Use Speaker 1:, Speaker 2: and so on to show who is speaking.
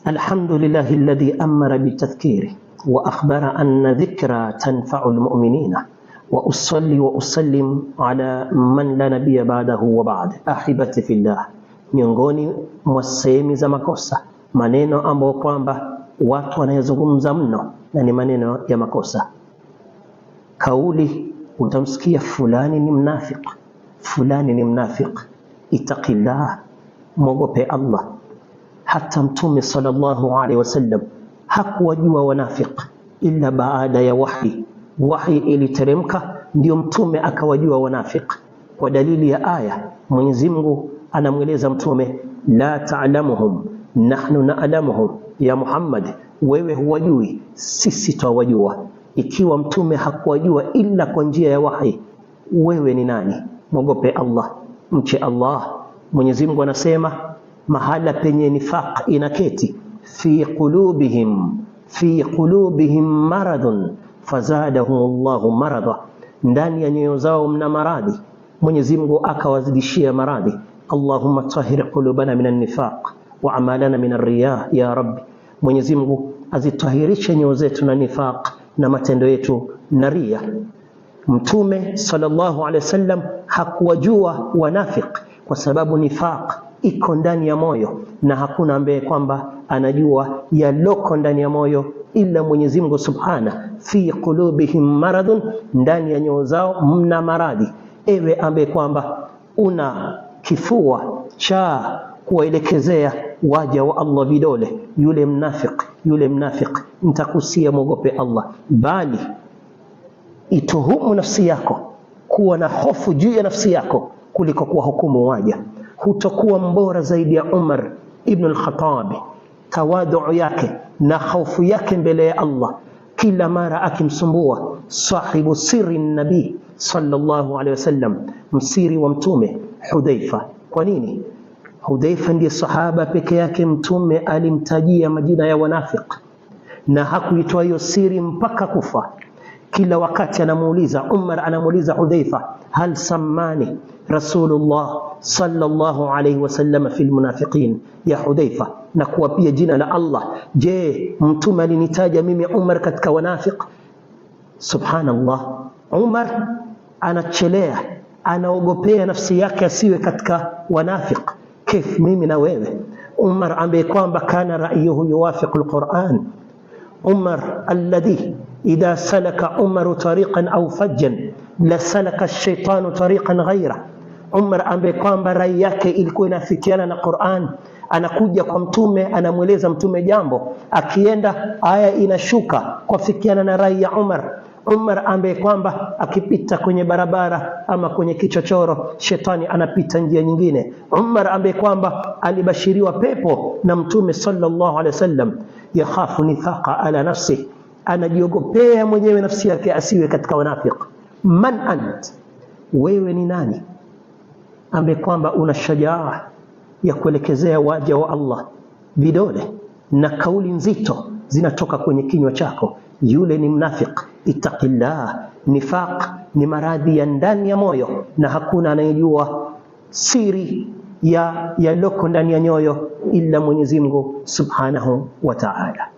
Speaker 1: Alhamdulillahi لله الذي أمر wa وأخبر أن ذكرى تنفع المؤمنين wa وأسلم على من لا نبي بعده وبعد ba'dahu في الله Ahibati fillah, miongoni mwa sehemu za makosa maneno ambayo kwamba watu wanayozungumza mno na ni maneno ya makosa. Kauli utamsikia fulani ni mnafiq, fulani ni mnafiq. Itaqillah, mwogope Allah hata Mtume sallallahu alaihi wasallam hakuwajua wanafiq ila baada ya wahi. Wahi iliteremka ndio Mtume akawajua wanafiq kwa dalili ya aya. Mwenyezi Mungu anamweleza Mtume, la ta'lamuhum nahnu na'lamuhum, ya Muhammad, wewe huwajui, sisi twawajua. Ikiwa Mtume hakuwajua ila kwa njia ya wahi, wewe ni nani? Mwogope Allah, mche Allah. Mwenyezi Mungu anasema mahala penye nifaq inaketi, fi qulubihim fi qulubihim maradhun fazadahum Allahu maradha, ndani ya nyoyo zao mna maradhi, Mwenyezi Mungu akawazidishia maradhi. Allahumma tahir qulubana minan nifaq wa amalana minar riya ya rabbi, Mwenyezi Mungu azitahirishe nyoyo zetu na nifaq na matendo yetu na ria. Mtume sallallahu alayhi wasallam hakuwajua wanafiq kwa sababu nifaq iko ndani ya moyo na hakuna ambaye kwamba anajua yaloko ndani ya moyo ila Mwenyezi Mungu Subhana. Fi qulubihim maradun, ndani ya nyoyo zao mna maradhi. Ewe ambaye kwamba una kifua cha kuwaelekezea waja wa Allah vidole, yule mnafiki, yule mnafiki, nitakusia mwogope Allah, bali ituhumu nafsi yako, kuwa na hofu juu ya nafsi yako kuliko kuwahukumu waja hutakuwa mbora zaidi ya Umar ibn al-Khattab. Tawadhu yake na hofu yake mbele ya Allah kila mara akimsumbua sahibu siri nabii sallallahu alaihi wasallam, msiri wa mtume Hudhaifa. Kwa nini? Hudhaifa ndiye sahaba peke yake mtume alimtajia majina ya wanafiq na hakuitoa hiyo siri mpaka kufa. kila wakati anamuuliza Umar, anamuuliza Hudhaifa, hal sammani Rasulullah sallallahu alayhi wasallam fil munafiqin, ya Hudhaifa, na kuwa pia jina la Allah, je, mtume alinitaja mimi Umar katika wanafiq? Subhanallah, Umar anachelea, anaogopea nafsi yake asiwe katika wanafiq. Kif, mimi na wewe Umar ambaye kwamba kana ra'yuhu yuwafiqu alquran Umar alladhi idha salaka umaru tariqan au fajjan la salaka shaitanu tariqan ghaira. Umar ambaye kwamba rai yake ilikuwa inafikiana na Qur'an, anakuja kwa mtume, anamweleza mtume jambo, akienda aya inashuka kwafikiana na rai ya Umar. Umar ambaye kwamba akipita kwenye barabara ama kwenye kichochoro, shetani anapita njia nyingine. Umar ambaye kwamba alibashiriwa pepo na mtume sallallahu alaihi wasallam, yakhafu nithaqa ala nafsihi anajiogopea mwenyewe nafsi yake asiwe katika wanafiq. Man ant, wewe ni nani ambaye kwamba una shajaa ya kuelekezea waja wa Allah vidole na kauli nzito zinatoka kwenye kinywa chako? Yule ni mnafiq. Ittaqillah, nifaq ni maradhi ya ndani ya moyo, na hakuna anayejua siri ya yaloko ndani ya nyoyo ila Mwenyezi Mungu Subhanahu wa Ta'ala.